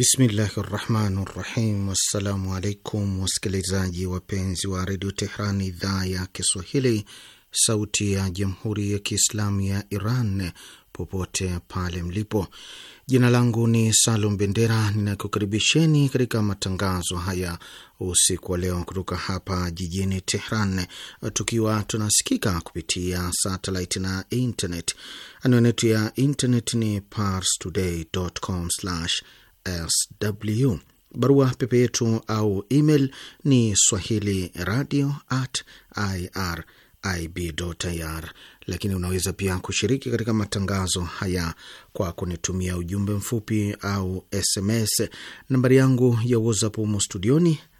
Bismillahi rahmani rahim. Wassalamu alaikum wasikilizaji wapenzi wa redio Tehran, idhaa ya Kiswahili, sauti ya jamhuri ya kiislamu ya Iran, popote pale mlipo. Jina langu ni Salum Bendera, ninakukaribisheni katika matangazo haya usiku wa leo kutoka hapa jijini Tehran, tukiwa tunasikika kupitia satelit na internet. Anwani yetu ya internet ni parstoday.com/sw sw. Barua pepe yetu au email ni swahili radio at irib.ir, lakini unaweza pia kushiriki katika matangazo haya kwa kunitumia ujumbe mfupi au SMS. Nambari yangu ya WhatsApp humo studioni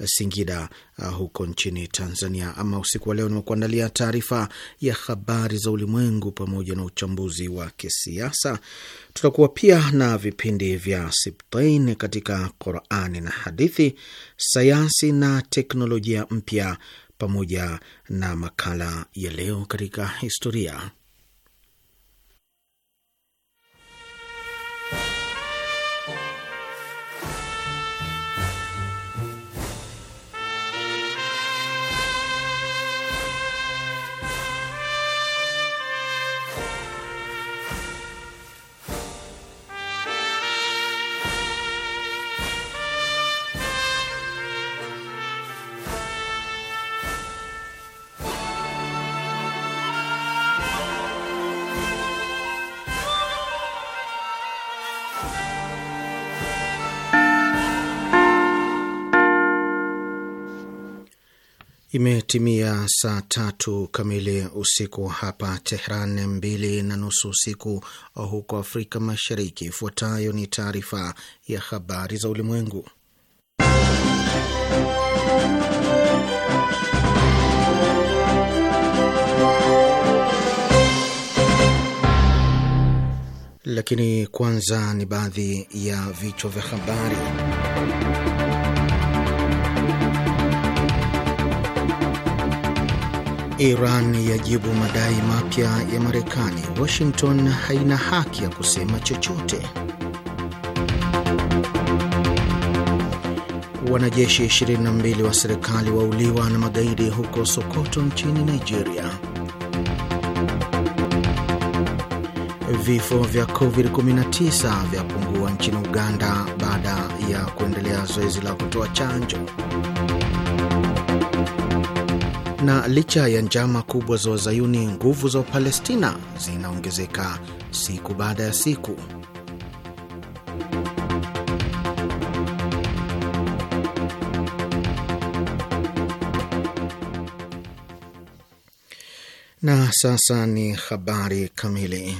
Eh, Singida uh, huko nchini Tanzania. Ama usiku wa leo nimekuandalia taarifa ya habari za ulimwengu pamoja na uchambuzi wa kisiasa. Tutakuwa pia na vipindi vya Sibtain katika Qurani na hadithi, sayansi na teknolojia mpya, pamoja na makala ya leo katika historia. Imetimia saa tatu kamili usiku hapa Tehran, mbili na nusu usiku huko Afrika Mashariki. Ifuatayo ni taarifa ya habari za ulimwengu, lakini kwanza ni baadhi ya vichwa vya habari. Iran yajibu madai mapya ya Marekani. Washington haina haki ya kusema chochote. Wanajeshi 22 wa serikali wauliwa na magaidi huko Sokoto nchini Nigeria. Vifo vya COVID-19 vyapungua nchini Uganda baada ya kuendelea zoezi la kutoa chanjo. Na licha ya njama kubwa za Wazayuni, nguvu za Wapalestina zinaongezeka siku baada ya siku. Na sasa ni habari kamili.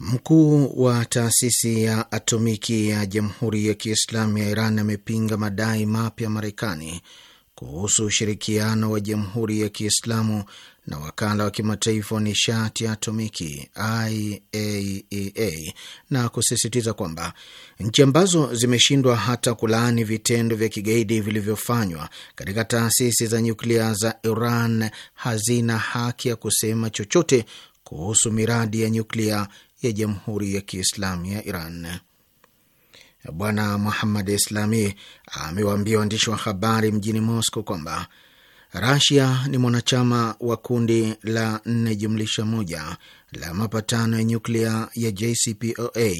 Mkuu wa taasisi ya atomiki ya Jamhuri ya Kiislamu ya Iran amepinga madai mapya Marekani kuhusu ushirikiano wa Jamhuri ya Kiislamu na wakala wa kimataifa wa nishati ya atomiki IAEA e na kusisitiza kwamba nchi ambazo zimeshindwa hata kulaani vitendo vya kigaidi vilivyofanywa katika taasisi za nyuklia za Iran hazina haki ya kusema chochote kuhusu miradi ya nyuklia ya Jamhuri ya Kiislamu ya Iran. Bwana Muhammad Islami amewaambia waandishi wa habari mjini Moscow kwamba Rasia ni mwanachama wa kundi la nne jumlisha moja la mapatano ya nyuklia ya JCPOA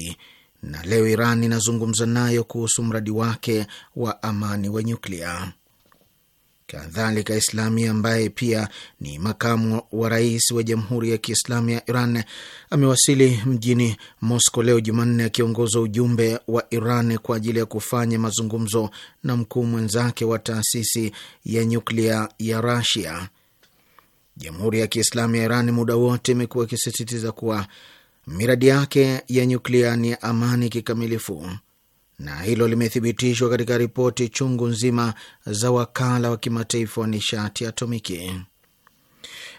na leo Iran inazungumza nayo kuhusu mradi wake wa amani wa nyuklia. Kadhalika, Islami ambaye pia ni makamu wa rais wa Jamhuri ya Kiislamu ya Iran amewasili mjini Moscow leo Jumanne akiongoza ujumbe wa Iran kwa ajili ya kufanya mazungumzo na mkuu mwenzake wa taasisi ya nyuklia ya Rasia. Jamhuri ya Kiislamu ya Iran muda wote imekuwa ikisisitiza kuwa miradi yake ya nyuklia ni ya amani kikamilifu na hilo limethibitishwa katika ripoti chungu nzima za wakala wa kimataifa wa nishati atomiki.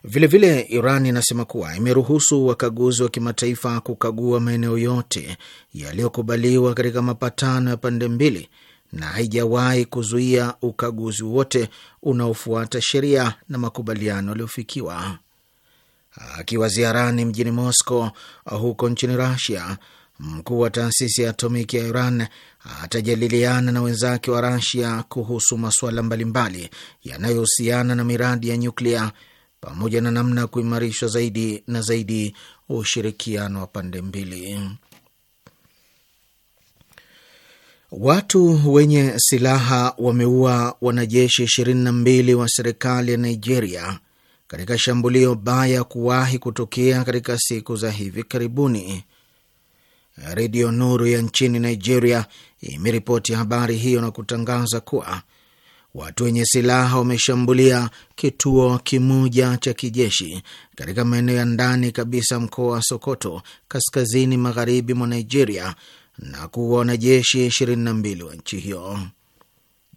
Vilevile vile Iran inasema kuwa imeruhusu wakaguzi wa kimataifa kukagua maeneo yote yaliyokubaliwa katika mapatano ya pande mbili na haijawahi kuzuia ukaguzi wote unaofuata sheria na makubaliano yaliyofikiwa. Akiwa ziarani mjini Moscow huko nchini Russia, Mkuu wa taasisi ya atomiki ya Iran atajadiliana na wenzake wa Rasia kuhusu masuala mbalimbali yanayohusiana na miradi ya nyuklia pamoja na namna ya kuimarishwa zaidi na zaidi ushirikiano wa pande mbili. Watu wenye silaha wameua wanajeshi ishirini na mbili wa serikali ya Nigeria katika shambulio baya kuwahi kutokea katika siku za hivi karibuni. Redio Nuru ya nchini Nigeria imeripoti habari hiyo na kutangaza kuwa watu wenye silaha wameshambulia kituo kimoja cha kijeshi katika maeneo ya ndani kabisa mkoa wa Sokoto, kaskazini magharibi mwa Nigeria na kuwa wanajeshi 22 wa nchi hiyo.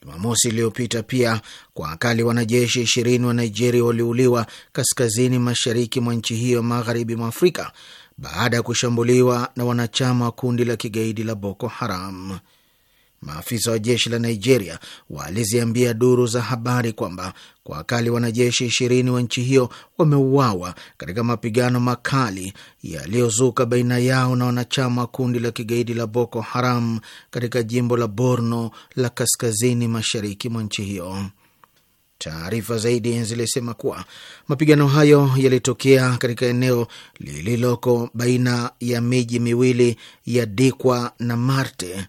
Jumamosi iliyopita pia kwa akali wanajeshi ishirini wa Nigeria waliuliwa kaskazini mashariki mwa nchi hiyo magharibi mwa Afrika baada ya kushambuliwa na wanachama wa kundi la kigaidi la Boko Haram. Maafisa wa jeshi la Nigeria waliziambia duru za habari kwamba kwa akali wanajeshi ishirini wa nchi hiyo wameuawa katika mapigano makali yaliyozuka baina yao na wanachama wa kundi la kigaidi la Boko Haram katika jimbo la Borno la kaskazini mashariki mwa nchi hiyo. Taarifa zaidi zilisema kuwa mapigano hayo yalitokea katika eneo lililoko baina ya miji miwili ya Dikwa na Marte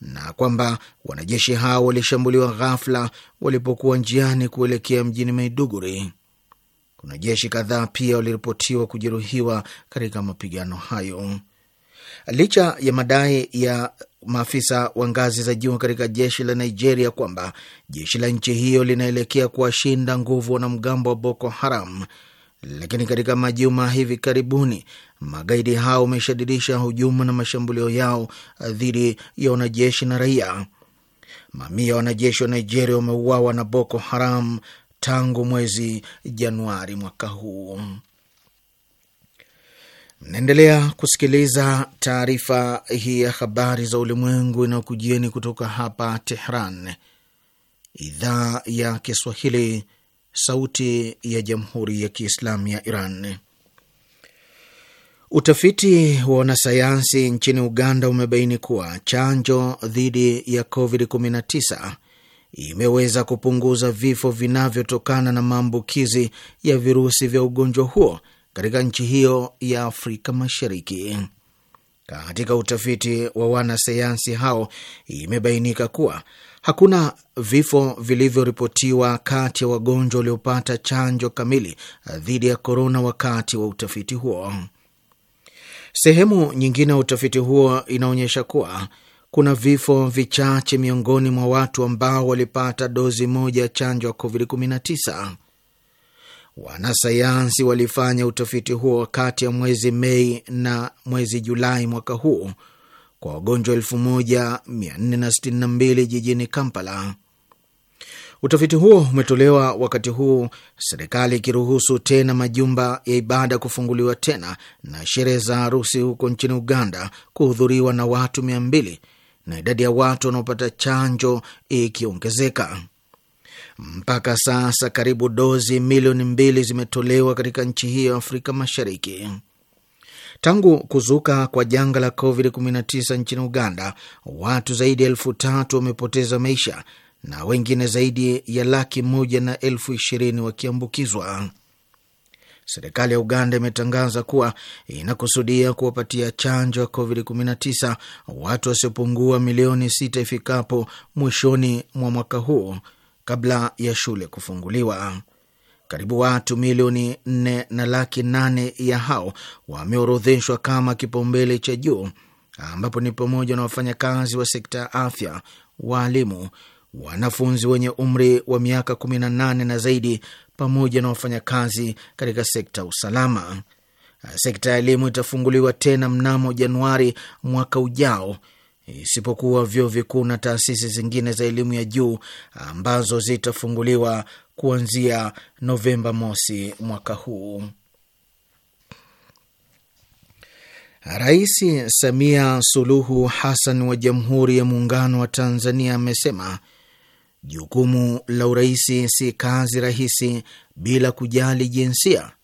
na kwamba wanajeshi hao walishambuliwa ghafla walipokuwa njiani kuelekea mjini Maiduguri. Kuna jeshi kadhaa pia waliripotiwa kujeruhiwa katika mapigano hayo. Licha ya madai ya maafisa wa ngazi za juu katika jeshi la Nigeria kwamba jeshi la nchi hiyo linaelekea kuwashinda nguvu wanamgambo wa Boko Haram, lakini katika majuma hivi karibuni magaidi hao wameshadidisha hujuma na mashambulio yao dhidi ya wanajeshi na raia. Mamia ya wanajeshi wa Nigeria wameuawa na Boko Haram tangu mwezi Januari mwaka huu. Mnaendelea kusikiliza taarifa hii ya habari za ulimwengu inayokujieni kutoka hapa Tehran, idhaa ya Kiswahili, sauti ya jamhuri ya kiislamu ya Iran. Utafiti wa wanasayansi nchini Uganda umebaini kuwa chanjo dhidi ya COVID-19 imeweza kupunguza vifo vinavyotokana na maambukizi ya virusi vya ugonjwa huo katika nchi hiyo ya Afrika Mashariki. Katika utafiti wa wanasayansi hao imebainika kuwa hakuna vifo vilivyoripotiwa kati ya wagonjwa waliopata chanjo kamili dhidi ya korona wakati wa utafiti huo. Sehemu nyingine ya utafiti huo inaonyesha kuwa kuna vifo vichache miongoni mwa watu ambao walipata dozi moja ya chanjo ya COVID-19. Wanasayansi walifanya utafiti huo kati ya mwezi Mei na mwezi Julai mwaka huu kwa wagonjwa 1462 jijini Kampala. Utafiti huo umetolewa wakati huu serikali ikiruhusu tena majumba ya ibada kufunguliwa tena na sherehe za harusi huko nchini Uganda kuhudhuriwa na watu mia na idadi ya watu wanaopata chanjo ikiongezeka. Mpaka sasa karibu dozi milioni mbili zimetolewa katika nchi hiyo Afrika Mashariki. Tangu kuzuka kwa janga la COVID-19 nchini Uganda, watu zaidi ya elfu tatu wamepoteza maisha na wengine zaidi ya laki moja na elfu ishirini wakiambukizwa. Serikali ya Uganda imetangaza kuwa inakusudia kuwapatia chanjo ya COVID-19 watu wasiopungua milioni sita ifikapo mwishoni mwa mwaka huu kabla ya shule kufunguliwa. Karibu watu milioni nne na laki nane ya hao wameorodheshwa kama kipaumbele cha juu, ambapo ni pamoja na wafanyakazi wa sekta ya afya, waalimu, wanafunzi wenye umri wa miaka 18 na zaidi, pamoja na wafanyakazi katika sekta ya usalama. Sekta ya elimu itafunguliwa tena mnamo Januari mwaka ujao isipokuwa vyuo vikuu na taasisi zingine za elimu ya juu ambazo zitafunguliwa kuanzia Novemba mosi mwaka huu. Rais Samia Suluhu Hassan wa Jamhuri ya Muungano wa Tanzania amesema jukumu la uraisi si kazi rahisi bila kujali jinsia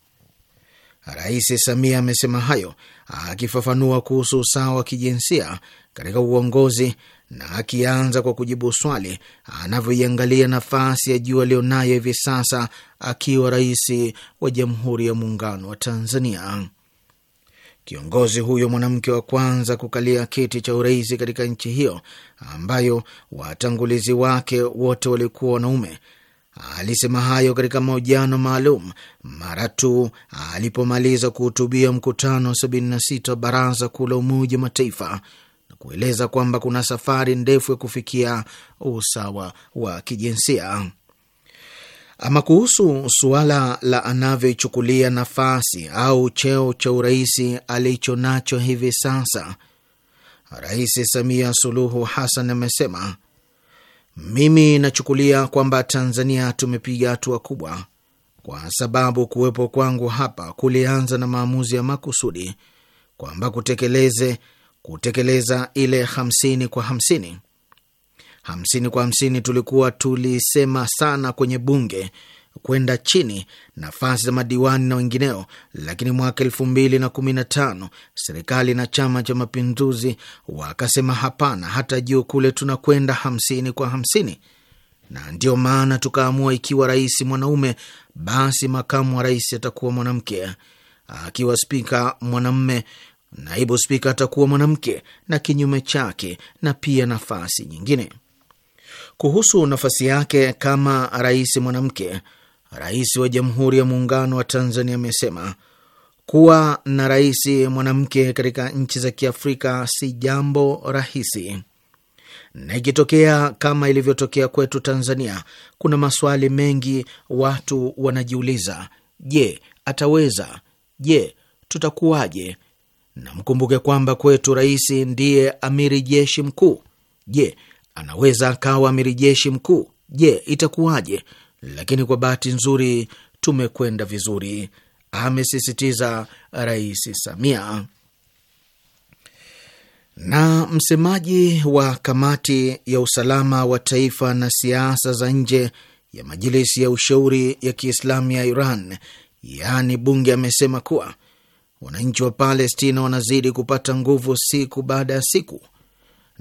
Rais Samia amesema hayo akifafanua kuhusu usawa wa kijinsia katika uongozi na akianza kwa kujibu swali anavyoiangalia nafasi ya juu aliyonayo hivi sasa akiwa rais wa Jamhuri ya Muungano wa Tanzania. Kiongozi huyo mwanamke wa kwanza kukalia kiti cha urais katika nchi hiyo ambayo watangulizi wake wote walikuwa wanaume Alisema hayo katika mahojiano maalum mara tu alipomaliza kuhutubia mkutano wa 76 wa Baraza Kuu la Umoja wa Mataifa na kueleza kwamba kuna safari ndefu ya kufikia usawa wa kijinsia. Ama kuhusu suala la anavyoichukulia nafasi au cheo cha uraisi alicho nacho hivi sasa, Rais Samia Suluhu Hassan amesema mimi nachukulia kwamba Tanzania tumepiga hatua kubwa, kwa sababu kuwepo kwangu hapa kulianza na maamuzi ya makusudi kwamba kutekeleze kutekeleza ile hamsini kwa hamsini hamsini kwa hamsini tulikuwa tulisema sana kwenye bunge kwenda chini nafasi za madiwani na wengineo, lakini mwaka elfu mbili na kumi na tano serikali na Chama cha Mapinduzi wakasema hapana, hata juu kule tunakwenda hamsini kwa hamsini na ndiyo maana tukaamua ikiwa rais mwanaume basi makamu wa rais atakuwa mwanamke, akiwa spika mwanamme, naibu spika atakuwa mwanamke na kinyume chake, na pia nafasi nyingine. Kuhusu nafasi yake kama rais mwanamke, Rais wa Jamhuri ya Muungano wa Tanzania amesema kuwa na rais mwanamke katika nchi za Kiafrika si jambo rahisi, na ikitokea kama ilivyotokea kwetu Tanzania, kuna maswali mengi watu wanajiuliza. Je, ataweza? Je, tutakuwaje? Na mkumbuke kwamba kwetu rais ndiye amiri jeshi mkuu. Je, anaweza akawa amiri jeshi mkuu? Je, itakuwaje? lakini kwa bahati nzuri tumekwenda vizuri, amesisitiza Rais Samia. Na msemaji wa kamati ya usalama wa taifa na siasa za nje ya Majilisi ya Ushauri ya Kiislamu ya Iran, yaani bunge, amesema kuwa wananchi wa Palestina wanazidi kupata nguvu siku baada ya siku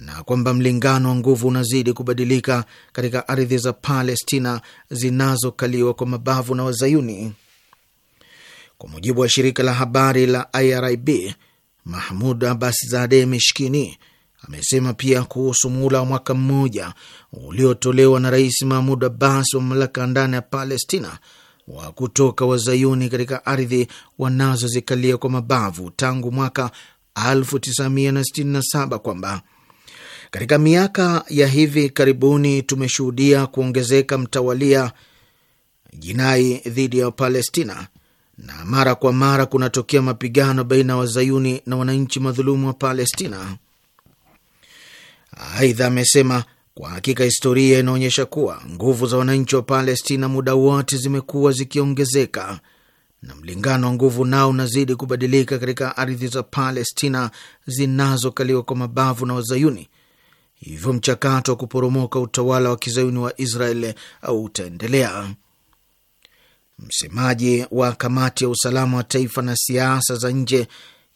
na kwamba mlingano wa nguvu unazidi kubadilika katika ardhi za Palestina zinazokaliwa kwa mabavu na Wazayuni. Kwa mujibu wa shirika la habari la IRIB, Mahmud Abbas Zade Mishkini amesema pia kuhusu muhula wa mwaka mmoja uliotolewa na Rais Mahmud Abbas wa mamlaka ndani ya Palestina wa kutoka Wazayuni katika ardhi wanazozikalia kwa mabavu tangu mwaka 1967 kwamba katika miaka ya hivi karibuni tumeshuhudia kuongezeka mtawalia jinai dhidi ya Palestina na mara kwa mara kunatokea mapigano baina ya wazayuni na wananchi madhulumu wa Palestina. Aidha amesema kwa hakika historia inaonyesha kuwa nguvu za wananchi wa Palestina muda wote zimekuwa zikiongezeka na mlingano wa nguvu nao unazidi kubadilika katika ardhi za Palestina zinazokaliwa kwa mabavu na wazayuni hivyo mchakato wa kuporomoka utawala wa kizayuni wa Israel au utaendelea. Msemaji wa kamati ya usalama wa taifa na siasa za nje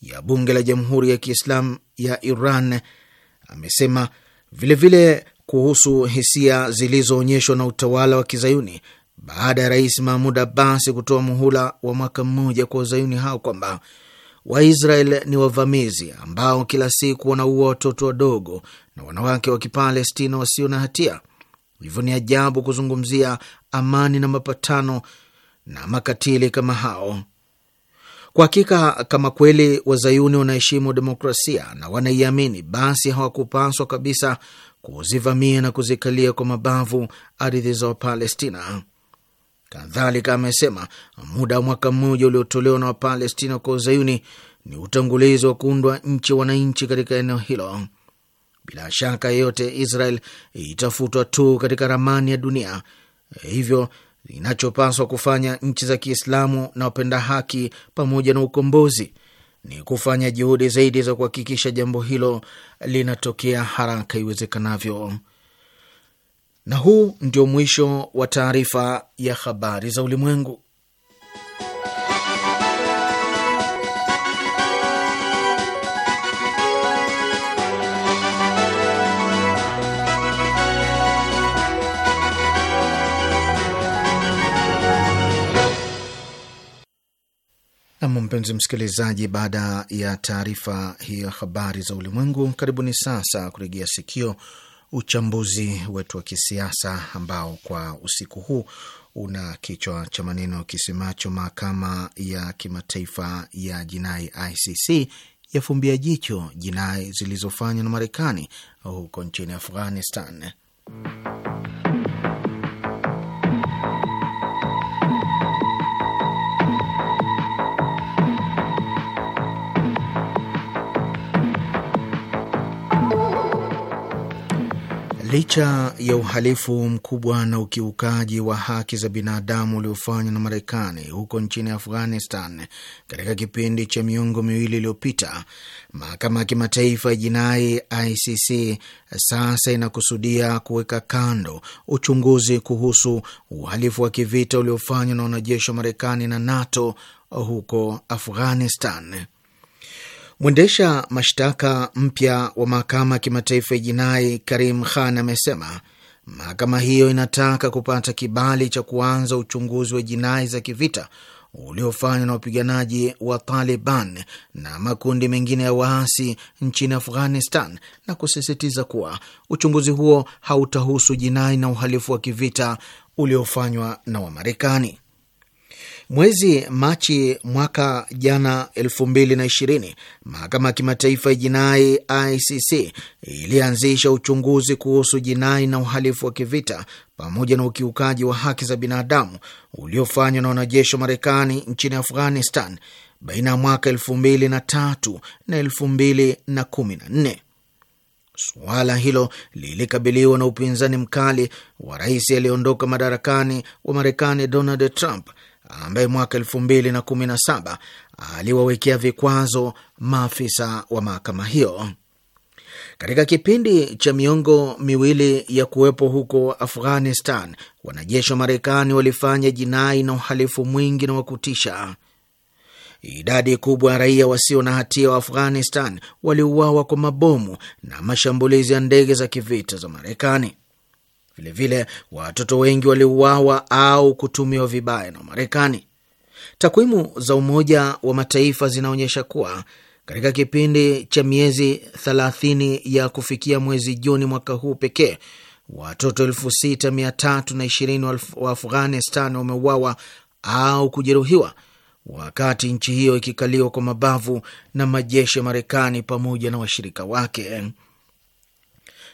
ya bunge la jamhuri ya Kiislamu ya Iran amesema vilevile vile kuhusu hisia zilizoonyeshwa na utawala wa kizayuni baada ya rais Mahmud Abbas kutoa muhula wa mwaka mmoja kwa wazayuni hao kwamba Waisrael ni wavamizi ambao kila siku wanaua watoto wadogo na wanawake wa Kipalestina wasio na hatia. Hivyo ni ajabu kuzungumzia amani na mapatano na makatili kama hao. Kwa hakika, kama kweli wazayuni wanaheshimu demokrasia na wanaiamini, basi hawakupaswa kabisa kuzivamia na kuzikalia kwa mabavu ardhi za Wapalestina. Kadhalika amesema muda wa mwaka mmoja uliotolewa na Wapalestina kwa uzayuni ni utangulizi wa kuundwa nchi wananchi katika eneo hilo. Bila shaka yeyote, Israel itafutwa tu katika ramani ya dunia. Hivyo inachopaswa kufanya nchi za Kiislamu na wapenda haki pamoja na ukombozi ni kufanya juhudi zaidi za kuhakikisha jambo hilo linatokea haraka iwezekanavyo. Na huu ndio mwisho wa taarifa ya habari za ulimwengu. Nam, mpenzi msikilizaji, baada ya taarifa hiyo habari za ulimwengu, karibuni sasa kurejea sikio uchambuzi wetu wa kisiasa ambao kwa usiku huu una kichwa cha maneno kisemacho mahakama ya kimataifa ya jinai ICC yafumbia jicho jinai zilizofanywa na Marekani huko nchini Afghanistan. Licha ya uhalifu mkubwa na ukiukaji wa haki za binadamu uliofanywa na Marekani huko nchini Afghanistan katika kipindi cha miongo miwili iliyopita, mahakama ya kimataifa ya jinai ICC sasa inakusudia kuweka kando uchunguzi kuhusu uhalifu wa kivita uliofanywa na wanajeshi wa Marekani na NATO huko Afghanistan. Mwendesha mashtaka mpya wa mahakama ya kimataifa ya jinai Karim Khan amesema mahakama hiyo inataka kupata kibali cha kuanza uchunguzi wa jinai za kivita uliofanywa na wapiganaji wa Taliban na makundi mengine ya waasi nchini Afghanistan na kusisitiza kuwa uchunguzi huo hautahusu jinai na uhalifu wa kivita uliofanywa na Wamarekani. Mwezi Machi mwaka jana elfu mbili na ishirini, mahakama ya kimataifa ya jinai ICC ilianzisha uchunguzi kuhusu jinai na uhalifu wa kivita pamoja na ukiukaji wa haki za binadamu uliofanywa na wanajeshi wa Marekani nchini Afghanistan baina ya mwaka elfu mbili na tatu na elfu mbili na kumi na nne. Suala hilo lilikabiliwa na upinzani mkali wa rais aliyeondoka madarakani wa Marekani Donald Trump ambaye mwaka elfu mbili na kumi na saba aliwawekea vikwazo maafisa wa mahakama hiyo. Katika kipindi cha miongo miwili ya kuwepo huko Afghanistan, wanajeshi wa Marekani walifanya jinai na uhalifu mwingi na wa kutisha. Idadi kubwa ya raia wasio na hatia wa Afghanistan waliuawa kwa mabomu na mashambulizi ya ndege za kivita za Marekani. Vilevile watoto wengi waliuawa au kutumiwa vibaya na Marekani. Takwimu za Umoja wa Mataifa zinaonyesha kuwa katika kipindi cha miezi 30 ya kufikia mwezi Juni mwaka huu pekee watoto 6320 wa Afghanistan wameuawa au kujeruhiwa wakati nchi hiyo ikikaliwa kwa mabavu na majeshi ya Marekani pamoja na washirika wake.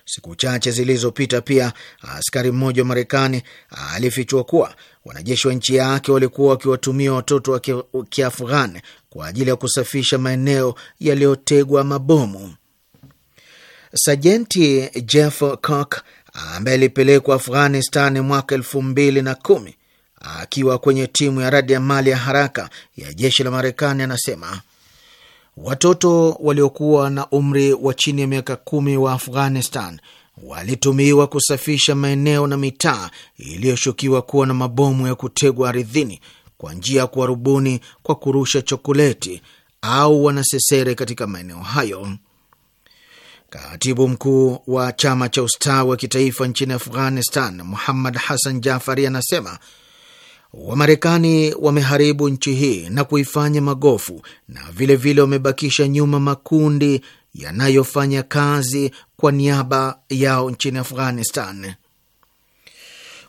Siku chache zilizopita pia askari mmoja wa Marekani alifichua kuwa wanajeshi wa nchi yake walikuwa wakiwatumia watoto wa Kiafghan kwa ajili ya kusafisha maeneo yaliyotegwa mabomu. Sajenti Jeff Cock ambaye alipelekwa Afghanistan mwaka elfu mbili na kumi akiwa kwenye timu ya radi ya mali ya haraka ya jeshi la Marekani anasema Watoto waliokuwa na umri wa chini ya miaka kumi wa Afghanistan walitumiwa kusafisha maeneo na mitaa iliyoshukiwa kuwa na mabomu ya kutegwa ardhini kwa njia ya kuwarubuni kwa kurusha chokoleti au wanasesere katika maeneo hayo. Katibu mkuu wa chama cha ustawi wa kitaifa nchini Afghanistan, Muhammad Hassan Jafari, anasema Wamarekani wameharibu nchi hii na kuifanya magofu, na vilevile vile wamebakisha nyuma makundi yanayofanya kazi kwa niaba yao nchini Afghanistan.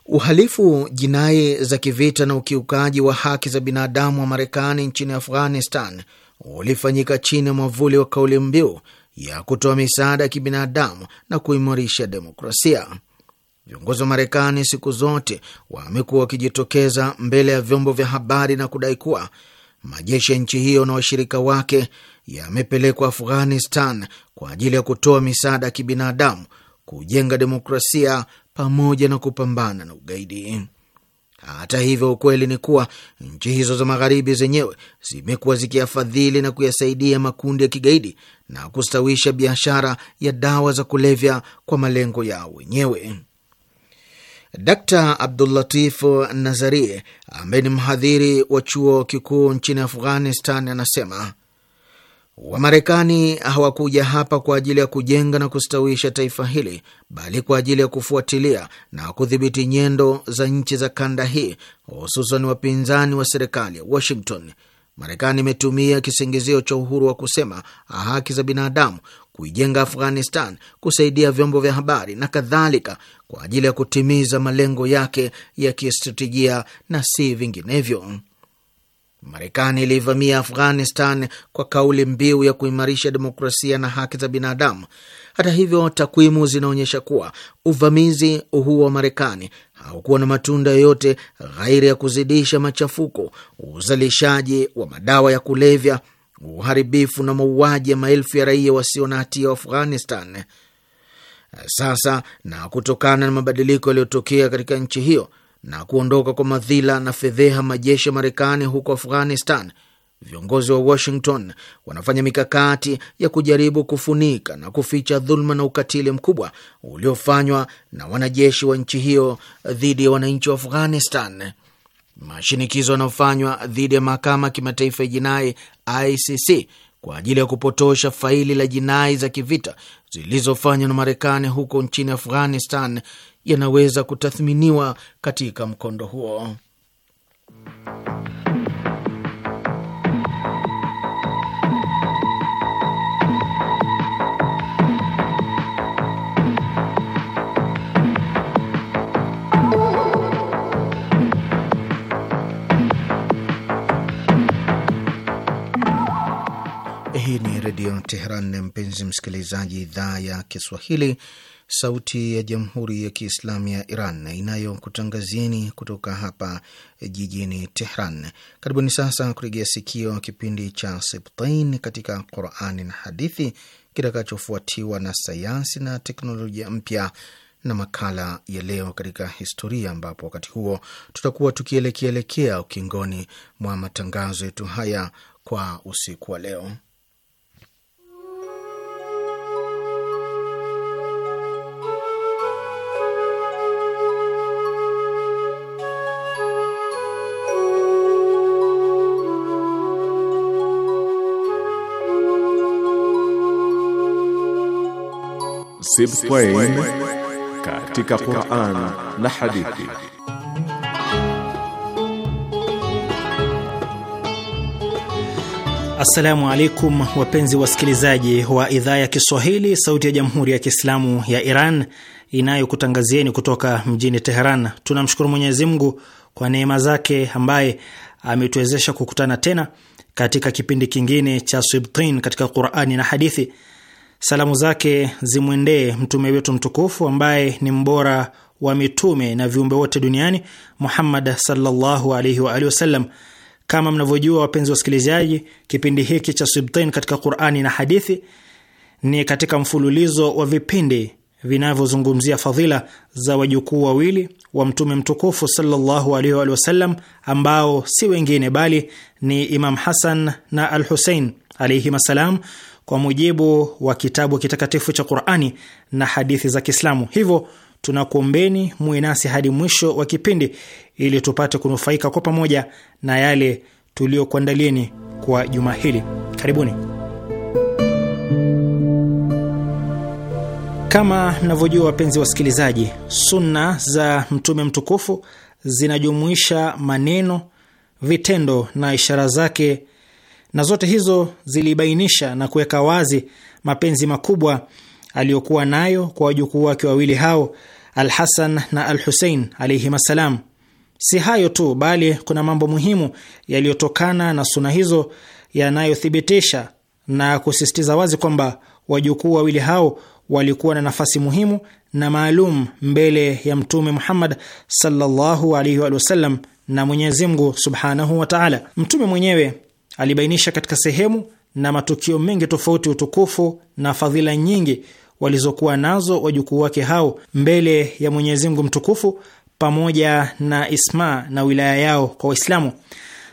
Uhalifu, jinai za kivita na ukiukaji wa haki za binadamu wa Marekani nchini Afghanistan ulifanyika chini ya mwavuli wa kauli mbiu ya kutoa misaada ya kibinadamu na kuimarisha demokrasia. Viongozi wa Marekani siku zote wamekuwa wakijitokeza mbele ya vyombo vya habari na kudai kuwa majeshi ya nchi hiyo na washirika wake yamepelekwa Afghanistan kwa ajili ya kutoa misaada ya kibinadamu, kujenga demokrasia pamoja na kupambana na ugaidi. Hata hivyo, ukweli ni kuwa nchi hizo za magharibi zenyewe zimekuwa zikiyafadhili na kuyasaidia makundi ya kigaidi na kustawisha biashara ya dawa za kulevya kwa malengo yao wenyewe. Dkt Abdulatif Nazari ambaye ni mhadhiri wa chuo kikuu nchini Afghanistan anasema Wamarekani hawakuja hapa kwa ajili ya kujenga na kustawisha taifa hili, bali kwa ajili ya kufuatilia na kudhibiti nyendo za nchi za kanda hii, hususan wapinzani wa serikali ya Washington. Marekani imetumia kisingizio cha uhuru wa kusema, haki za binadamu kuijenga Afghanistan, kusaidia vyombo vya habari na kadhalika, kwa ajili ya kutimiza malengo yake ya kistratejia na si vinginevyo. Marekani ilivamia Afghanistan kwa kauli mbiu ya kuimarisha demokrasia na haki za binadamu. Hata hivyo, takwimu zinaonyesha kuwa uvamizi huu wa Marekani haukuwa na matunda yoyote ghairi ya kuzidisha machafuko, uzalishaji wa madawa ya kulevya uharibifu na mauaji ya maelfu ya raia wasio na hatia wa Afghanistan. Sasa na kutokana na mabadiliko yaliyotokea katika nchi hiyo na kuondoka kwa madhila na fedheha majeshi ya Marekani huko Afghanistan, viongozi wa Washington wanafanya mikakati ya kujaribu kufunika na kuficha dhuluma na ukatili mkubwa uliofanywa na wanajeshi wa nchi hiyo dhidi ya wananchi wa Afghanistan mashinikizo yanayofanywa dhidi ya mahakama ya kimataifa ya jinai ICC kwa ajili ya kupotosha faili la jinai za kivita zilizofanywa na Marekani huko nchini Afghanistan yanaweza kutathminiwa katika mkondo huo. Redio Teheran. Mpenzi msikilizaji, idhaa ya Kiswahili, sauti ya jamhuri ya kiislamu ya Iran inayokutangazieni kutoka hapa jijini Tehran. Karibuni sasa kurejea sikio kipindi cha Sibtain katika Qurani na hadithi kitakachofuatiwa na sayansi na teknolojia mpya na makala ya leo katika historia, ambapo wakati huo tutakuwa tukielekeelekea ukingoni mwa matangazo yetu haya kwa usiku wa leo. Sibtain katika Qur'an na hadithi. Assalamu alaikum wapenzi wasikilizaji wa idhaa ya Kiswahili sauti ya Jamhuri ya Kiislamu ya Iran inayokutangazieni kutoka mjini Teheran. Tunamshukuru Mwenyezi Mungu kwa neema zake ambaye ametuwezesha kukutana tena katika kipindi kingine cha Sibtain katika Qur'ani na hadithi. Salamu zake zimwendee mtume wetu mtukufu ambaye ni mbora wa mitume na viumbe wote duniani Muhammad sallallahu alaihi wa alihi wasallam. Kama mnavyojua, wapenzi wasikilizaji, kipindi hiki cha Sibtain katika Qurani na hadithi ni katika mfululizo wa vipindi vinavyozungumzia fadhila za wajukuu wawili wa mtume mtukufu sallallahu alaihi wa sallam ambao si wengine bali ni Imam Hasan na al Husein alaihim assalam kwa mujibu wa kitabu kitakatifu cha Qur'ani na hadithi za Kiislamu. Hivyo tunakuombeni muwe nasi hadi mwisho wa kipindi ili tupate kunufaika kwa pamoja na yale tuliyokuandalieni kwa juma hili. Karibuni. Kama mnavyojua wapenzi wasikilizaji, sunna za mtume mtukufu zinajumuisha maneno, vitendo na ishara zake na zote hizo zilibainisha na kuweka wazi mapenzi makubwa aliyokuwa nayo kwa wajukuu wake wawili hao alhasan na Al Husein alaihim assalam. Si hayo tu, bali kuna mambo muhimu yaliyotokana na suna hizo yanayothibitisha na kusisitiza wazi kwamba wajukuu wawili hao walikuwa na nafasi muhimu na maalum mbele ya Mtume Muhammad sallallahu alaihi wa sallam na Mwenyezi Mungu subhanahu wa taala. Mtume mwenyewe alibainisha katika sehemu na matukio mengi tofauti utukufu na fadhila nyingi walizokuwa nazo wajukuu wake hao mbele ya Mwenyezi Mungu mtukufu pamoja na isma na wilaya yao kwa Waislamu.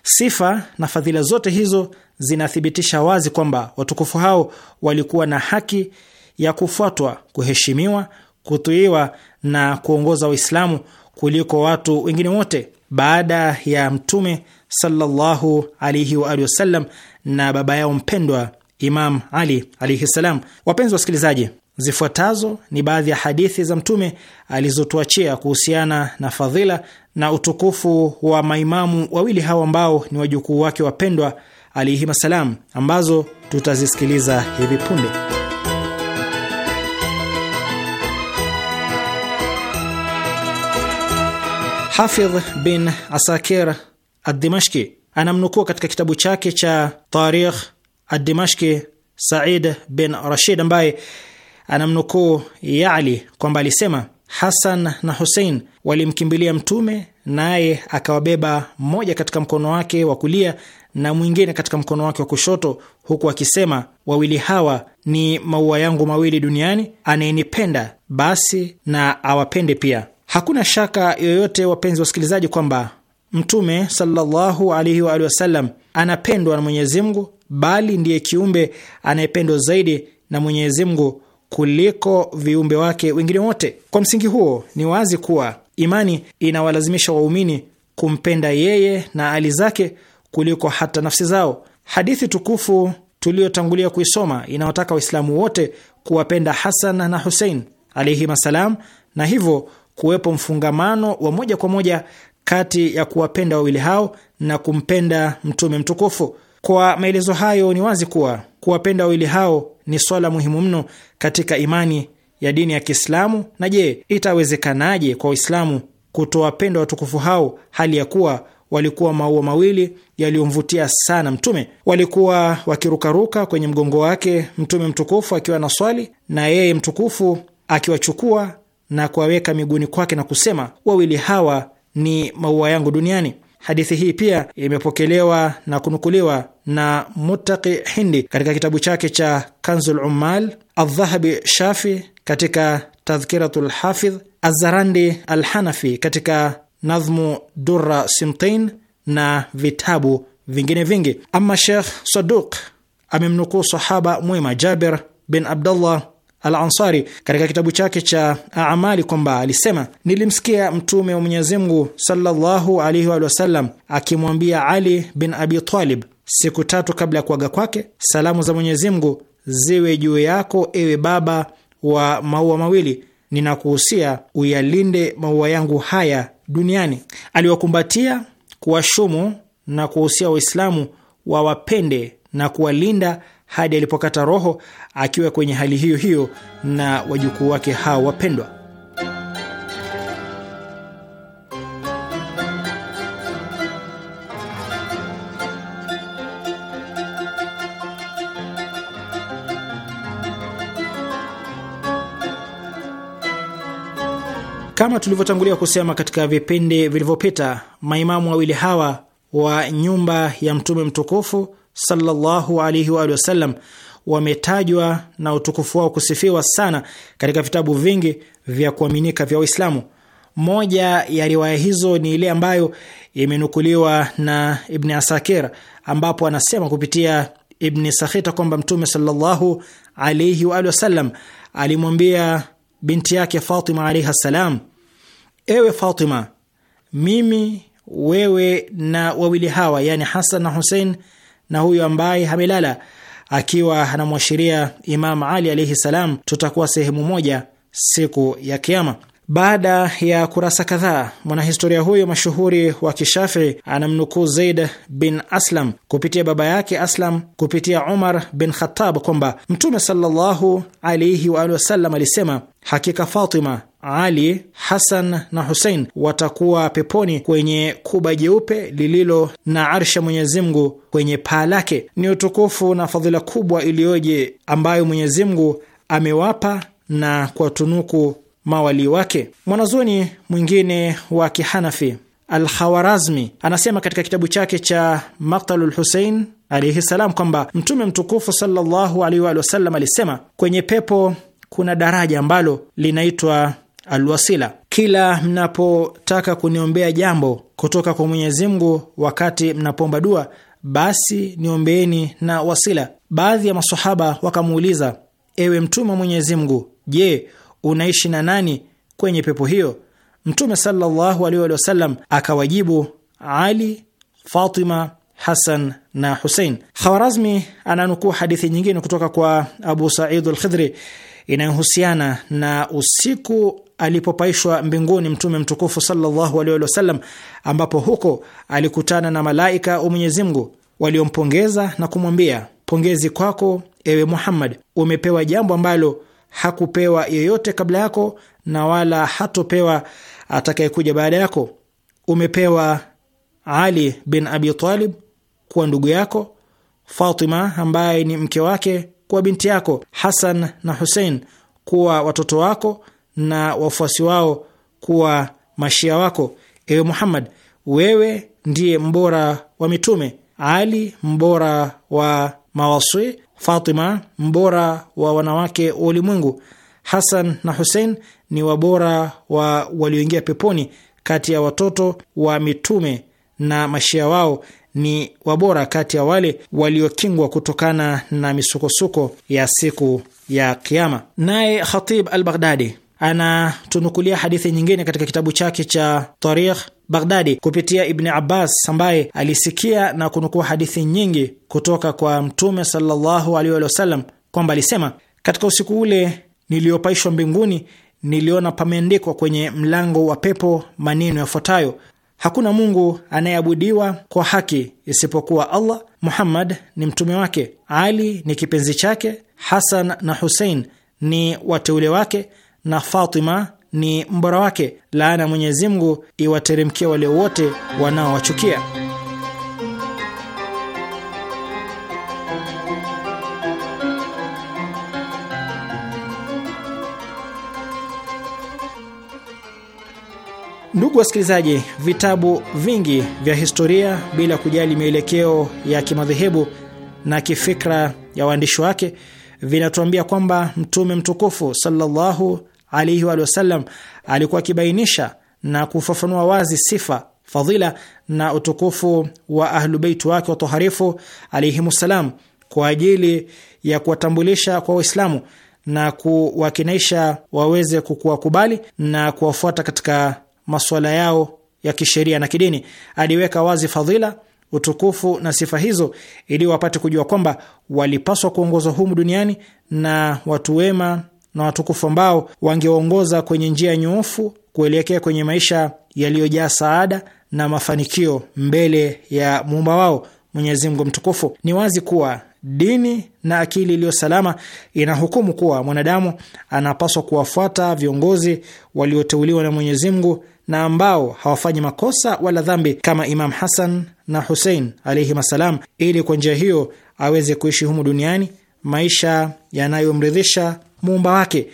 Sifa na fadhila zote hizo zinathibitisha wazi kwamba watukufu hao walikuwa na haki ya kufuatwa, kuheshimiwa, kutuiwa na kuongoza Waislamu kuliko watu wengine wote baada ya Mtume sallallahu alaihi wa alihi wasallam na baba yao mpendwa Imam Ali alaihi salam. Wapenzi wasikilizaji, zifuatazo ni baadhi ya hadithi za Mtume alizotuachia kuhusiana na fadhila na utukufu wa maimamu wawili hawa ambao ni wajukuu wake wapendwa alaihim salam, ambazo tutazisikiliza hivi punde. Hafidh bin Asakir ad anamnukuu katika kitabu chake cha Tarikh ad Said bin Rashid ambaye anamnukuu Yali kwamba alisema Hasan na Husein walimkimbilia Mtume, naye akawabeba mmoja katika mkono wake wa kulia na mwingine katika mkono wake wa kushoto, huku akisema, wawili hawa ni maua yangu mawili duniani, anayenipenda basi na awapende pia. Hakuna shaka yoyote, wapenzi wasikilizaji, kwamba Mtume sallallahu alaihi wa alihi wasallam anapendwa na Mwenyezi Mungu, bali ndiye kiumbe anayependwa zaidi na Mwenyezi Mungu kuliko viumbe wake wengine wote. Kwa msingi huo, ni wazi kuwa imani inawalazimisha waumini kumpenda yeye na ali zake kuliko hata nafsi zao. Hadithi tukufu tuliyotangulia kuisoma inawataka Waislamu wote kuwapenda Hasan na Husein alaihim assalam, na hivyo kuwepo mfungamano wa moja kwa moja kati ya kuwapenda wawili hao na kumpenda mtume mtukufu. Kwa maelezo hayo, ni wazi kuwa kuwapenda wawili hao ni swala muhimu mno katika imani ya dini ya Kiislamu. Na je, itawezekanaje kwa Waislamu kutowapenda watukufu hao hali ya kuwa walikuwa maua mawili yaliyomvutia sana Mtume. Walikuwa wakirukaruka kwenye mgongo wake Mtume mtukufu akiwa na swali, na yeye mtukufu akiwachukua na kuwaweka miguuni kwake na kusema, wawili hawa ni maua yangu duniani. Hadithi hii pia imepokelewa na kunukuliwa na Mutaki Hindi katika kitabu chake cha Kanzul Ummal, Aldhahabi Shafi katika Tadhkiratu Lhafidh, Azarandi Alhanafi katika Nadhmu dura Simtain na vitabu vingine vingi. Ama Shekh Saduq amemnukuu sahaba mwema Jabir bin Abdullah Al-Ansari katika kitabu chake cha Amali kwamba alisema, nilimsikia Mtume wa Mwenyezi Mungu sallallahu alaihi wa sallam akimwambia Ali bin Abi Talib siku tatu kabla ya kuaga kwake, salamu za Mwenyezi Mungu ziwe juu yako, ewe baba wa maua mawili, ninakuhusia uyalinde maua yangu haya duniani. Aliwakumbatia, kuwashumu na kuwahusia Waislamu wawapende na kuwalinda hadi alipokata roho akiwa kwenye hali hiyo hiyo na wajukuu wake hao wapendwa. Kama tulivyotangulia kusema katika vipindi vilivyopita, maimamu wawili hawa wa nyumba ya Mtume mtukufu sallallahu alaihi wa sallam wametajwa na utukufu wao kusifiwa sana katika vitabu vingi vya kuaminika vya Waislamu. Moja ya riwaya hizo ni ile ambayo imenukuliwa na Ibni Asakir, ambapo anasema kupitia Ibni Sakhita kwamba Mtume sallallahu alaihi wa sallam alimwambia binti yake Fatima alaihi salam, ewe Fatima, mimi wewe na wawili hawa, yani Hasan na Husein na huyo ambaye amelala, akiwa anamwashiria Imam Ali alaihi salam, tutakuwa sehemu moja siku ya Kiama. Baada ya kurasa kadhaa, mwanahistoria huyo mashuhuri wa Kishafii anamnukuu Zaid bin Aslam kupitia baba yake Aslam kupitia Umar bin Khattab kwamba Mtume sallallahu alaihi waalihi wasallam alisema, hakika Fatima ali, Hasan na Husein watakuwa peponi kwenye kuba jeupe lililo na arsha Mwenyezi Mungu kwenye paa lake. Ni utukufu na fadhila kubwa iliyoje ambayo Mwenyezi Mungu amewapa na kuwatunuku mawalii wake. Mwanazuoni mwingine wa Kihanafi Alkhawarazmi anasema katika kitabu chake cha Maktalul Husein alaihi salam kwamba Mtume mtukufu sallallahu alaihi wa sallam alisema, kwenye pepo kuna daraja ambalo linaitwa alwasila, kila mnapotaka kuniombea jambo kutoka kwa Mwenyezi Mungu wakati mnapomba dua, basi niombeeni na wasila. Baadhi ya masahaba wakamuuliza, ewe Mtume wa Mwenyezi Mungu, je, unaishi na nani kwenye pepo hiyo? Mtume sallallahu alaihi wasallam akawajibu, Ali, Fatima, Hasan na Husein. Khawarazmi ananukuu hadithi nyingine kutoka kwa Abu Said al-Khidri inayohusiana na usiku alipopaishwa mbinguni Mtume mtukufu sallallahu alaihi wasallam, ambapo huko alikutana na malaika wa Mwenyezi Mungu waliompongeza na kumwambia, pongezi kwako ewe Muhammad, umepewa jambo ambalo hakupewa yeyote kabla yako na wala hatopewa atakayekuja baada yako. Umepewa Ali bin Abi Talib kuwa ndugu yako, Fatima ambaye ni mke wake kuwa binti yako, Hasan na Husein kuwa watoto wako na wafuasi wao kuwa mashia wako. Ewe Muhammad, wewe ndiye mbora wa mitume, Ali mbora wa mawaswi, Fatima mbora wa wanawake wa ulimwengu, Hasan na Husein ni wabora wa walioingia peponi kati ya watoto wa mitume na mashia wao ni wabora kati ya wale waliokingwa kutokana na misukosuko ya siku ya Kiama. Naye Khatib al-Baghdadi anatunukulia hadithi nyingine katika kitabu chake cha Tarikh Baghdadi kupitia Ibni Abbas ambaye alisikia na kunukua hadithi nyingi kutoka kwa Mtume sallallahu alaihi wasallam kwamba alisema, katika usiku ule niliyopaishwa mbinguni niliona pameandikwa kwenye mlango wa pepo maneno yafuatayo: hakuna Mungu anayeabudiwa kwa haki isipokuwa Allah, Muhammad ni mtume wake, Ali ni kipenzi chake, Hasan na Husein ni wateule wake na Fatima ni mbora wake. Laana ya Mwenyezi Mungu iwateremkia wale wote wanaowachukia. Ndugu wasikilizaji, vitabu vingi vya historia bila kujali mielekeo ya kimadhehebu na kifikra ya waandishi wake vinatuambia kwamba Mtume mtukufu sallallahu alaihi wa sallam alikuwa akibainisha na kufafanua wazi sifa, fadhila na utukufu wa ahlubeiti wake watoharifu alaihimussalam kwa ajili ya kuwatambulisha kwa Waislamu na kuwakinaisha waweze kukuwakubali na kuwafuata katika masuala yao ya kisheria na kidini. Aliweka wazi fadhila, utukufu na sifa hizo ili wapate kujua kwamba walipaswa kuongozwa humu duniani na watu wema na watukufu ambao wangewaongoza kwenye njia nyoofu kuelekea kwenye maisha yaliyojaa saada na mafanikio mbele ya muumba wao Mwenyezi Mungu mtukufu. Ni wazi kuwa dini na akili iliyo salama inahukumu kuwa mwanadamu anapaswa kuwafuata viongozi walioteuliwa na Mwenyezi Mungu na ambao hawafanyi makosa wala dhambi kama Imam Hasan na Husein alaihim assalam, ili kwa njia hiyo aweze kuishi humu duniani maisha yanayomridhisha muumba wake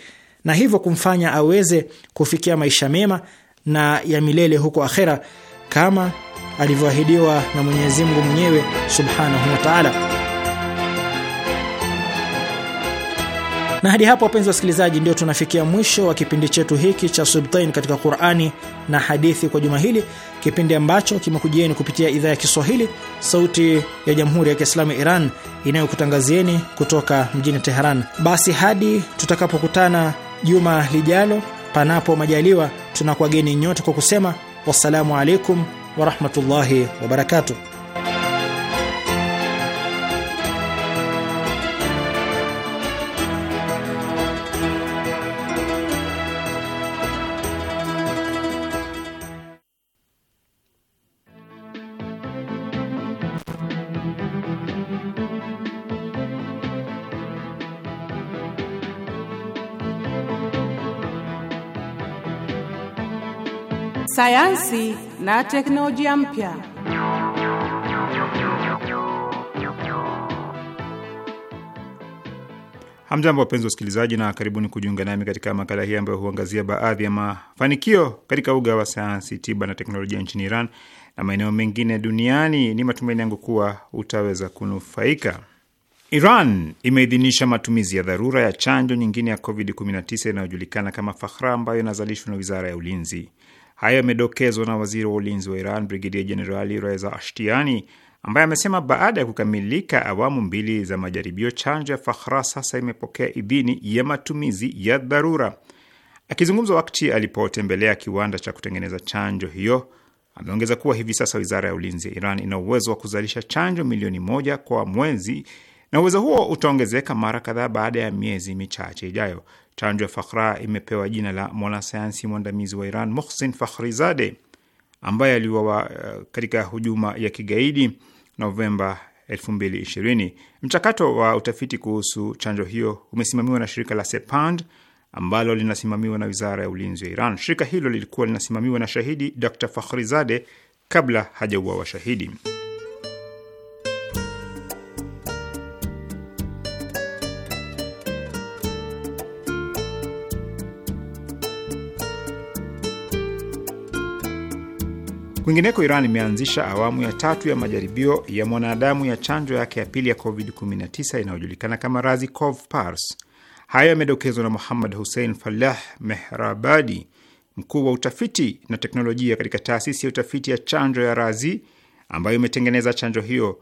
na hivyo kumfanya aweze kufikia maisha mema na ya milele huko akhera kama alivyoahidiwa na Mwenyezi Mungu mwenyewe subhanahu wa ta'ala. Na hadi hapo, wapenzi wasikilizaji, ndio tunafikia mwisho wa kipindi chetu hiki cha Subtain katika Qurani na hadithi kwa juma hili, kipindi ambacho kimekujieni kupitia idhaa ya Kiswahili, Sauti ya Jamhuri ya Kiislamu ya Iran inayokutangazieni kutoka mjini Teheran. Basi hadi tutakapokutana juma lijalo, panapo majaliwa, tunakuwageni nyote kwa kusema wassalamu alaikum warahmatullahi wabarakatuh. sayansi na teknolojia mpya. Hamjambo, wapenzi wasikilizaji, na karibuni kujiunga nami katika makala hii ambayo huangazia baadhi ya mafanikio katika uga wa sayansi, tiba na teknolojia nchini Iran na maeneo mengine duniani. Ni matumaini yangu kuwa utaweza kunufaika. Iran imeidhinisha matumizi ya dharura ya chanjo nyingine ya COVID-19 inayojulikana kama Fakhra ambayo inazalishwa na Wizara ya Ulinzi. Hayo yamedokezwa na waziri wa ulinzi wa Iran, Brigedia Jenerali Reza Ashtiani, ambaye amesema baada ya kukamilika awamu mbili za majaribio, chanjo ya Fakhra sasa imepokea idhini ya matumizi ya dharura. Akizungumza wakati alipotembelea kiwanda cha kutengeneza chanjo hiyo, ameongeza kuwa hivi sasa wizara ya ulinzi ya Iran ina uwezo wa kuzalisha chanjo milioni moja kwa mwezi na uwezo huo utaongezeka mara kadhaa baada ya miezi michache ijayo. Chanjo ya Fakhra imepewa jina la mwanasayansi mwandamizi wa Iran Mohsin Fakhrizade ambaye aliuawa uh, katika hujuma ya kigaidi Novemba 2020. Mchakato wa utafiti kuhusu chanjo hiyo umesimamiwa na shirika la Sepand ambalo linasimamiwa na wizara ya ulinzi wa Iran. Shirika hilo lilikuwa linasimamiwa na shahidi Dr Fakhrizade kabla hajauawa shahidi. Kwingineko, Iran imeanzisha awamu ya tatu ya majaribio ya mwanadamu ya chanjo yake ya pili ya COVID-19 inayojulikana kama Cov Pars. Hayo yamedokezwa na Muhammad Hussein Falah Mehrabadi, mkuu wa utafiti na teknolojia katika taasisi ya utafiti ya chanjo ya Razi ambayo imetengeneza chanjo hiyo,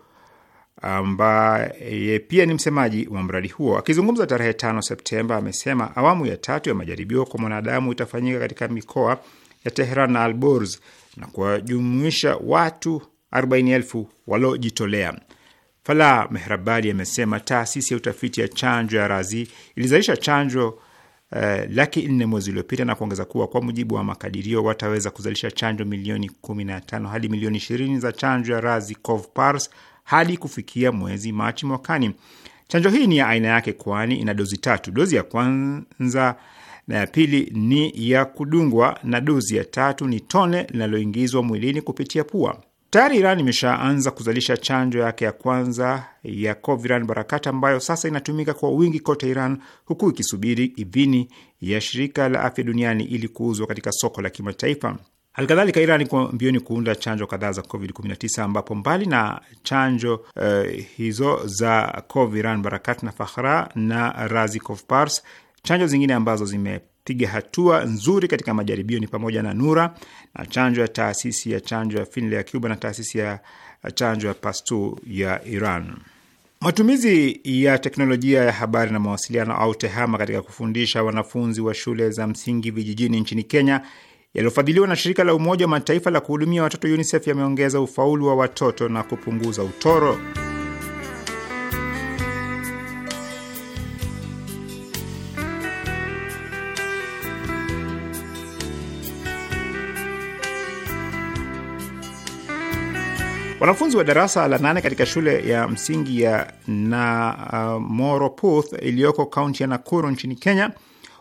ambaye pia ni msemaji wa mradi huo. Akizungumza tarehe 5 Septemba, amesema awamu ya tatu ya majaribio kwa mwanadamu itafanyika katika mikoa ya Teheran na Alborz na kuwajumuisha watu 40,000 waliojitolea. Fala Mehrabali amesema taasisi ya utafiti ya chanjo ya Razi ilizalisha chanjo Uh, laki nne mwezi uliopita na kuongeza kuwa kwa mujibu wa makadirio wataweza kuzalisha chanjo milioni 15 hadi milioni 20 za chanjo ya Razi Cov Pars hadi kufikia mwezi Machi mwakani. Chanjo hii ni ya aina yake, kwani ina dozi tatu. Dozi ya kwanza na ya pili ni ya kudungwa na dozi ya tatu ni tone linaloingizwa mwilini kupitia pua. Tayari Iran imeshaanza kuzalisha chanjo yake ya kwanza ya Coviran Barakat ambayo sasa inatumika kwa wingi kote Iran, huku ikisubiri idhini ya shirika la afya duniani ili kuuzwa katika soko la kimataifa. Halikadhalika, Iran iko mbioni kuunda chanjo kadhaa za COVID-19 ambapo mbali na chanjo uh, hizo za Coviran Barakat na Fakhra na Razikov Chanjo zingine ambazo zimepiga hatua nzuri katika majaribio ni pamoja na Nura na chanjo ya taasisi ya chanjo ya Finlay ya Cuba na taasisi ya chanjo ya Pasteur ya Iran. Matumizi ya teknolojia ya habari na mawasiliano au TEHAMA katika kufundisha wanafunzi wa shule za msingi vijijini nchini Kenya yaliyofadhiliwa na shirika la Umoja wa Mataifa la kuhudumia watoto UNICEF yameongeza ufaulu wa watoto na kupunguza utoro. Wanafunzi wa darasa la nane katika shule ya msingi ya Namoropoth uh, iliyoko kaunti ya Nakuru nchini Kenya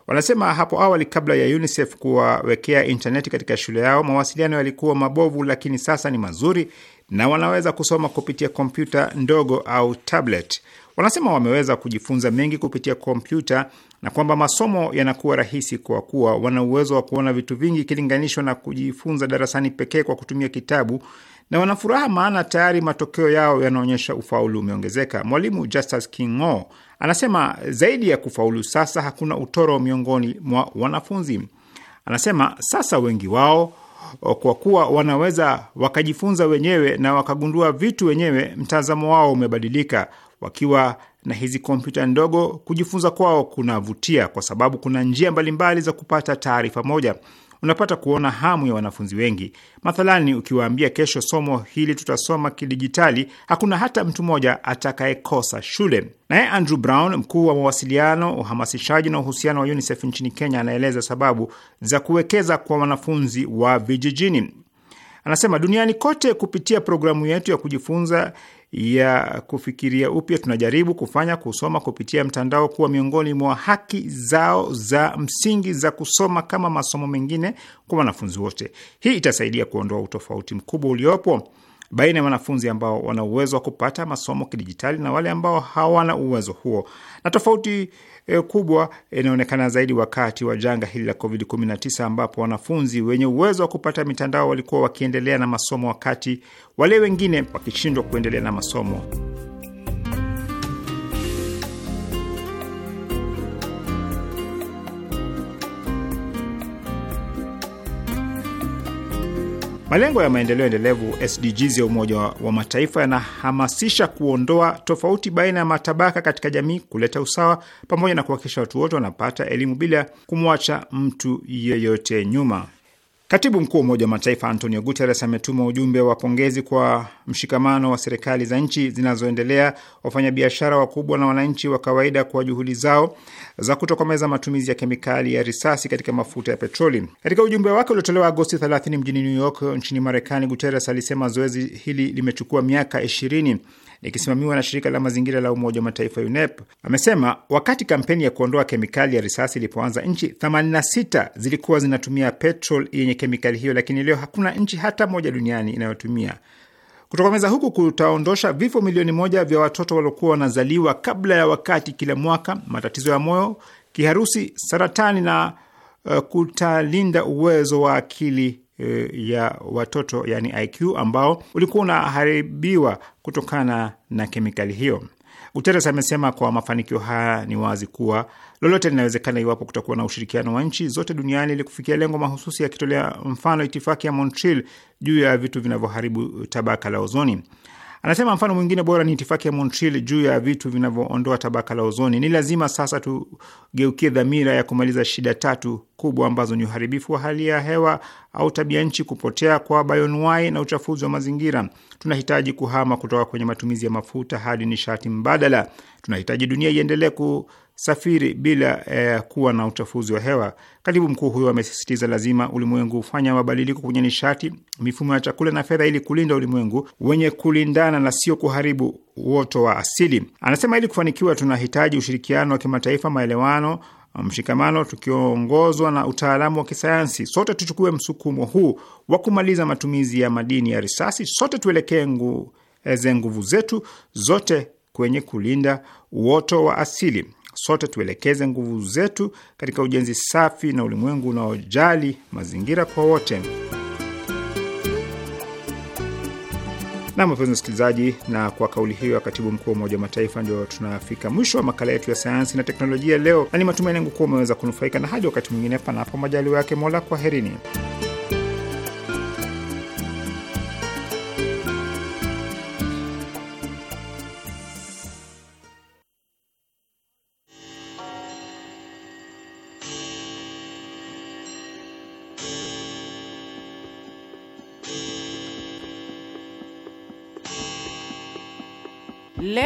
wanasema hapo awali, kabla ya UNICEF kuwawekea intaneti katika shule yao, mawasiliano yalikuwa mabovu, lakini sasa ni mazuri na wanaweza kusoma kupitia kompyuta ndogo au tablet. Wanasema wameweza kujifunza mengi kupitia kompyuta na kwamba masomo yanakuwa rahisi kwa kuwa wana uwezo wa kuona vitu vingi ikilinganishwa na kujifunza darasani pekee kwa kutumia kitabu na wanafuraha maana tayari matokeo yao yanaonyesha ufaulu umeongezeka. Mwalimu Justus Kingo anasema zaidi ya kufaulu, sasa hakuna utoro miongoni mwa wanafunzi. Anasema sasa wengi wao kwa kuwa wanaweza wakajifunza wenyewe na wakagundua vitu wenyewe, mtazamo wao umebadilika. Wakiwa na hizi kompyuta ndogo, kujifunza kwao kunavutia kwa sababu kuna njia mbalimbali za kupata taarifa moja unapata kuona hamu ya wanafunzi wengi. Mathalani, ukiwaambia kesho somo hili tutasoma kidijitali, hakuna hata mtu mmoja atakayekosa shule. Naye Andrew Brown, mkuu wa mawasiliano, uhamasishaji na uhusiano wa UNICEF nchini Kenya, anaeleza sababu za kuwekeza kwa wanafunzi wa vijijini. Anasema duniani kote, kupitia programu yetu ya kujifunza ya kufikiria upya, tunajaribu kufanya kusoma kupitia mtandao kuwa miongoni mwa haki zao za msingi za kusoma kama masomo mengine kwa wanafunzi wote. Hii itasaidia kuondoa utofauti mkubwa uliopo baina ya wanafunzi ambao wana uwezo wa kupata masomo kidijitali na wale ambao hawana uwezo huo, na tofauti e, kubwa inaonekana zaidi wakati wa janga hili la COVID-19 ambapo wanafunzi wenye uwezo wa kupata mitandao walikuwa wakiendelea na masomo wakati wale wengine wakishindwa kuendelea na masomo. Malengo ya maendeleo endelevu SDGs ya Umoja wa Mataifa yanahamasisha kuondoa tofauti baina ya matabaka katika jamii, kuleta usawa, pamoja na kuhakikisha watu wote wanapata elimu bila kumwacha mtu yeyote nyuma. Katibu mkuu wa Umoja wa Mataifa Antonio Guterres ametuma ujumbe wa pongezi kwa mshikamano wa serikali za nchi zinazoendelea, wafanyabiashara wakubwa na wananchi wa kawaida kwa juhudi zao za kutokomeza matumizi ya kemikali ya risasi katika mafuta ya petroli. Katika ujumbe wake uliotolewa Agosti 30 mjini New York nchini Marekani, Guterres alisema zoezi hili limechukua miaka 20 likisimamiwa na shirika la mazingira la Umoja wa Mataifa UNEP, amesema wakati kampeni ya kuondoa kemikali ya risasi ilipoanza, nchi 86 zilikuwa zinatumia petrol yenye kemikali hiyo, lakini leo hakuna nchi hata moja duniani inayotumia. Kutokomeza huku kutaondosha vifo milioni moja vya watoto waliokuwa wanazaliwa kabla ya wakati kila mwaka, matatizo ya moyo, kiharusi, saratani na uh, kutalinda uwezo wa akili e, ya watoto yani IQ ambao ulikuwa unaharibiwa kutokana na kemikali hiyo. Guterres amesema kwa mafanikio haya ni wazi kuwa lolote linawezekana iwapo kutakuwa na ushirikiano wa nchi zote duniani ili kufikia lengo mahususi, akitolea mfano itifaki ya Montreal juu ya vitu vinavyoharibu tabaka la ozoni. Anasema mfano mwingine bora ni itifaki ya Montreal juu ya vitu vinavyoondoa tabaka la ozoni. Ni lazima sasa tugeukie dhamira ya kumaliza shida tatu kubwa ambazo ni uharibifu wa hali ya hewa au tabia nchi, kupotea kwa bayonwai na uchafuzi wa mazingira. Tunahitaji kuhama kutoka kwenye matumizi ya mafuta hadi nishati mbadala. Tunahitaji dunia iendelee ku safiri bila eh, kuwa na uchafuzi wa hewa. Katibu mkuu huyo amesisitiza lazima ulimwengu hufanya mabadiliko kwenye nishati, mifumo ya chakula na fedha ili kulinda ulimwengu wenye kulindana na sio kuharibu uoto wa asili. Anasema ili kufanikiwa, tunahitaji ushirikiano wa kimataifa, maelewano, mshikamano, tukiongozwa na utaalamu wa kisayansi. Sote tuchukue msukumo huu wa kumaliza matumizi ya madini ya risasi. Sote tuelekee eh, nguvu zetu zote kwenye kulinda uoto wa asili. Sote tuelekeze nguvu zetu katika ujenzi safi na ulimwengu unaojali mazingira kwa wote. Nam, wapenzi wasikilizaji, na kwa kauli hiyo ya katibu mkuu wa Umoja wa Mataifa, ndio tunafika mwisho wa makala yetu ya sayansi na teknolojia leo, na ni matumaini yangu kuwa umeweza kunufaika. Na hadi wakati mwingine, panapo majaliwa yake Mola, kwaherini.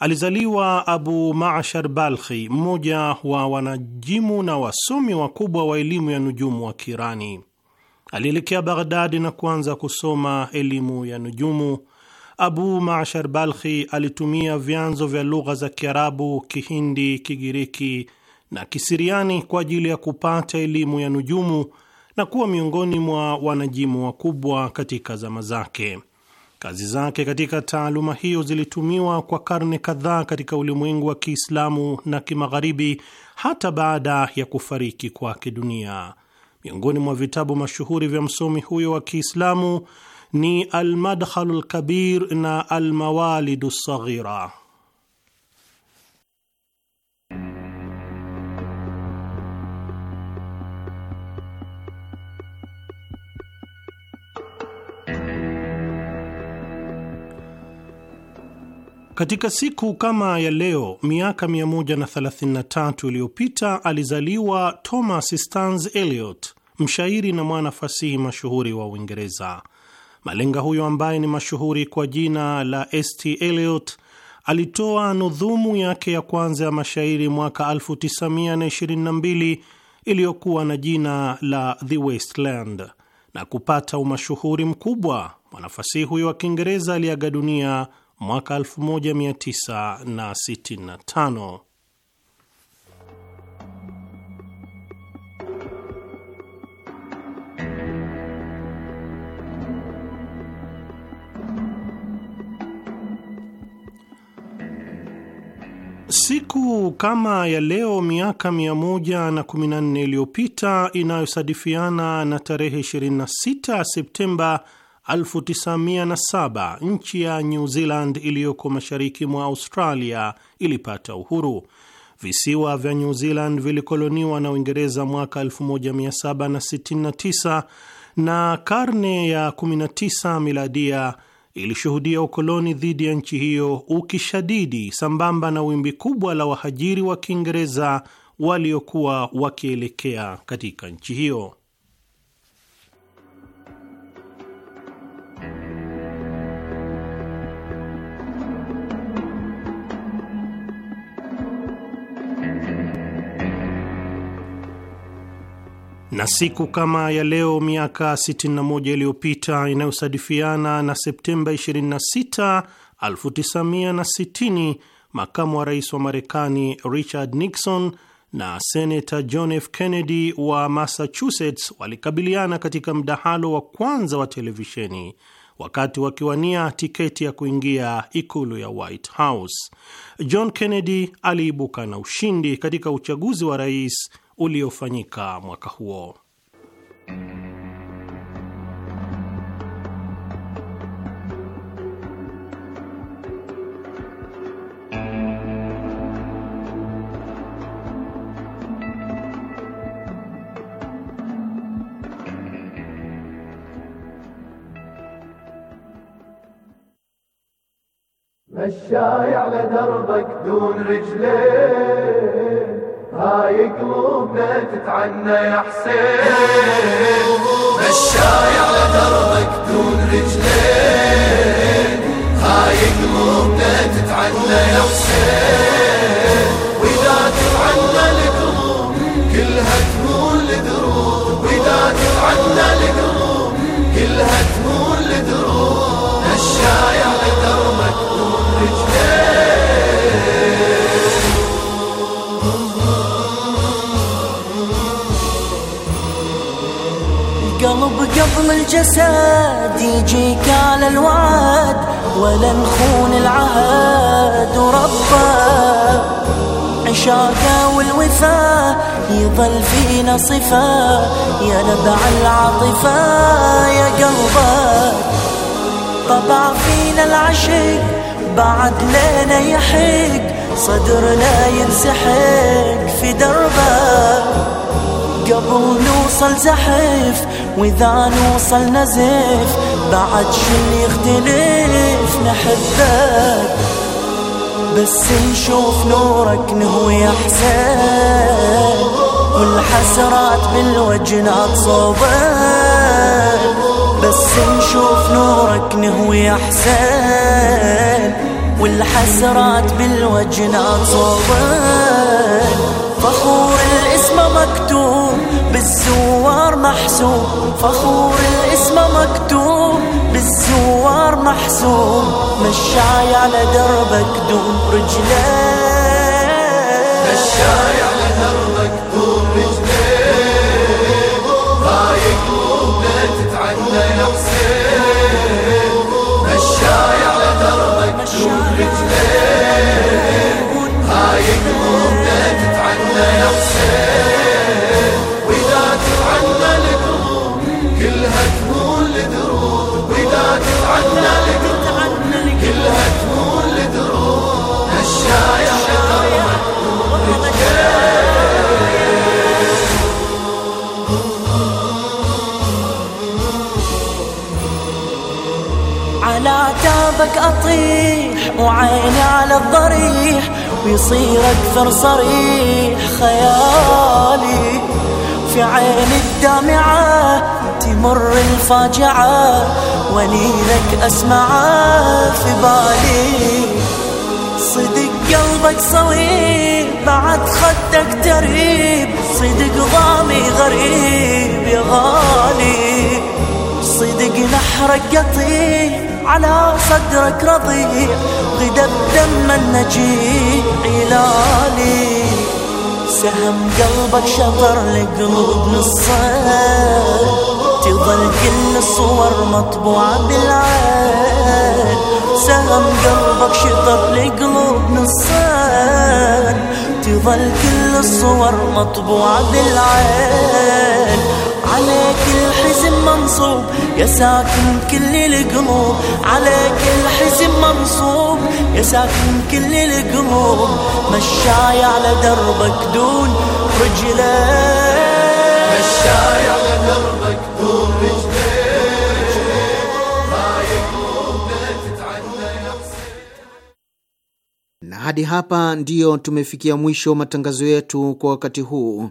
Alizaliwa Abu Mashar Balkhi, mmoja wa wanajimu na wasomi wakubwa wa elimu ya nujumu wa Kirani. Alielekea Baghdadi na kuanza kusoma elimu ya nujumu. Abu Mashar Balkhi alitumia vyanzo vya lugha za Kiarabu, Kihindi, Kigiriki na Kisiriani kwa ajili ya kupata elimu ya nujumu na kuwa miongoni mwa wanajimu wakubwa katika zama zake. Kazi zake katika taaluma hiyo zilitumiwa kwa karne kadhaa katika ulimwengu wa Kiislamu na Kimagharibi hata baada ya kufariki kwake dunia. Miongoni mwa vitabu mashuhuri vya msomi huyo wa Kiislamu ni Almadkhalu lkabir na Almawalidu lsaghira. Katika siku kama ya leo miaka 133 iliyopita alizaliwa Thomas Stans Eliot, mshairi na mwana fasihi mashuhuri wa Uingereza. Malenga huyo ambaye ni mashuhuri kwa jina la St Eliot alitoa nudhumu yake ya kwanza ya mashairi mwaka 1922 iliyokuwa na jina la The Wasteland na kupata umashuhuri mkubwa. Mwanafasihi huyo wa Kiingereza aliaga dunia mwaka 1965. Siku kama ya leo miaka 114 iliyopita inayosadifiana na tarehe 26 Septemba 1907 nchi ya New Zealand iliyoko mashariki mwa Australia ilipata uhuru. Visiwa vya New Zealand vilikoloniwa na Uingereza mwaka 1769 na karne ya 19 miladia ilishuhudia ukoloni dhidi ya nchi hiyo ukishadidi, sambamba na wimbi kubwa la wahajiri wa Kiingereza waliokuwa wakielekea katika nchi hiyo. na siku kama ya leo miaka 61 iliyopita inayosadifiana na Septemba 26, 1960 makamu wa rais wa Marekani Richard Nixon na senata John F. Kennedy wa Massachusetts walikabiliana katika mdahalo wa kwanza wa televisheni wakati wakiwania tiketi ya kuingia ikulu ya White House. John Kennedy aliibuka na ushindi katika uchaguzi wa rais uliofanyika mwaka huo. مشاي على دربك دون رجلين هاي قلوبنا تتعنى يا حسين مشاي على دربك دون رجلين هاي قلوبنا تتعنى يا حسين وإذا تتعنى القلوب كلها تفوت يوم الجساد يجيك على الوعد ولا نخون العهد وربا عشاقة والوفا يظل فينا صفا يا نبع العاطفة يا قلبا طبع فينا العشق بعد لنا يحق صدرنا ينسحق في دربك قبل نوصل زحف واذا نوصل نزف بعد شن يختلف نحبك بس نشوف نورك نهوي احسن والحسرات بالوجنات صوبك بس نشوف نورك نهوي احسن والحسرات بالوجنات صوبك فخور الاسم مكتوب بالزوار محسوب فخور الاسم مكتوب بالزوار محسوب مشاي على دربك دوم رجلين مشاي على عشقك أطيح وعيني على الضريح ويصير أكثر صريح خيالي في عيني الدمعة تمر الفاجعة وليلك أسمعه في بالي صدق قلبك صويب بعد خدك تريب صدق ضامي غريب يا غالي صدق نحرك قطيب على صدرك رضيع غدا بدم النجيع علالي سهم قلبك شطر لقلوب نصين تظل كل الصور مطبوعة بالعين سهم قلبك شطر لقلوب نصين تظل كل الصور مطبوعة بالعين عليك الحزن منصوب يا ساكن كل القلوب عليك الحزن منصوب يا ساكن كل القلوب مشاي على دربك دون رجله مشاي على دربك دون رجله hadi hapa ndiyo tumefikia mwisho matangazo yetu kwa wakati huu.